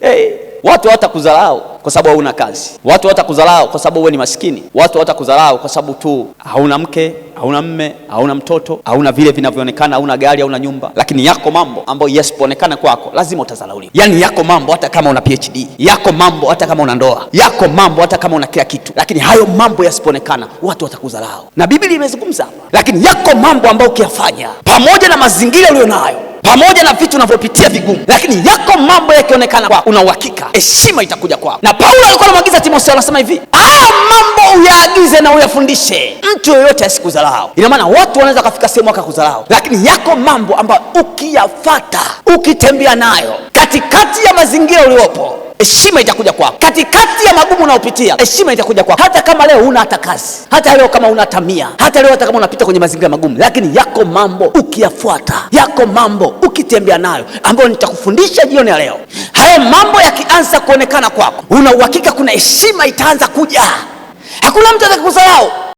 Hey, watu hawatakudharau kwa sababu hauna kazi. Watu hawatakudharau kwa sababu wewe ni maskini. Watu hawatakudharau kwa sababu tu hauna mke, hauna mme, hauna mtoto, hauna vile vinavyoonekana, hauna gari, hauna nyumba. Lakini yako mambo ambayo yasipoonekana kwako lazima utadharauliwa. Yaani yako mambo hata kama una PhD, yako mambo hata kama una ndoa, yako mambo hata kama una kila kitu, lakini hayo mambo yasipoonekana watu watakudharau, na Biblia imezungumza hapa. Lakini yako mambo ambayo ukiyafanya pamoja na mazingira ulionayo pamoja na vitu unavyopitia vigumu, lakini yako mambo yakionekana kwa una uhakika, heshima itakuja kwako. Na Paulo alikuwa anamwagiza Timotheo, anasema hivi haya mambo uyaagize na uyafundishe, mtu yoyote asikudharau. Ina maana watu wanaweza kafika sehemu wakakudharau, lakini yako mambo ambayo ukiyafata, ukitembea nayo katikati ya mazingira uliopo heshima itakuja kwako katikati ya magumu unaopitia, heshima itakuja kwako. Hata kama leo huna hata kazi, hata leo kama una tamia, hata leo hata kama unapita kwenye mazingira magumu, lakini yako mambo ukiyafuata, yako mambo ukitembea nayo, ambayo nitakufundisha jioni ya leo, hayo mambo yakianza kuonekana kwako, una uhakika kuna heshima itaanza kuja. Hakuna mtu atakayekusahau.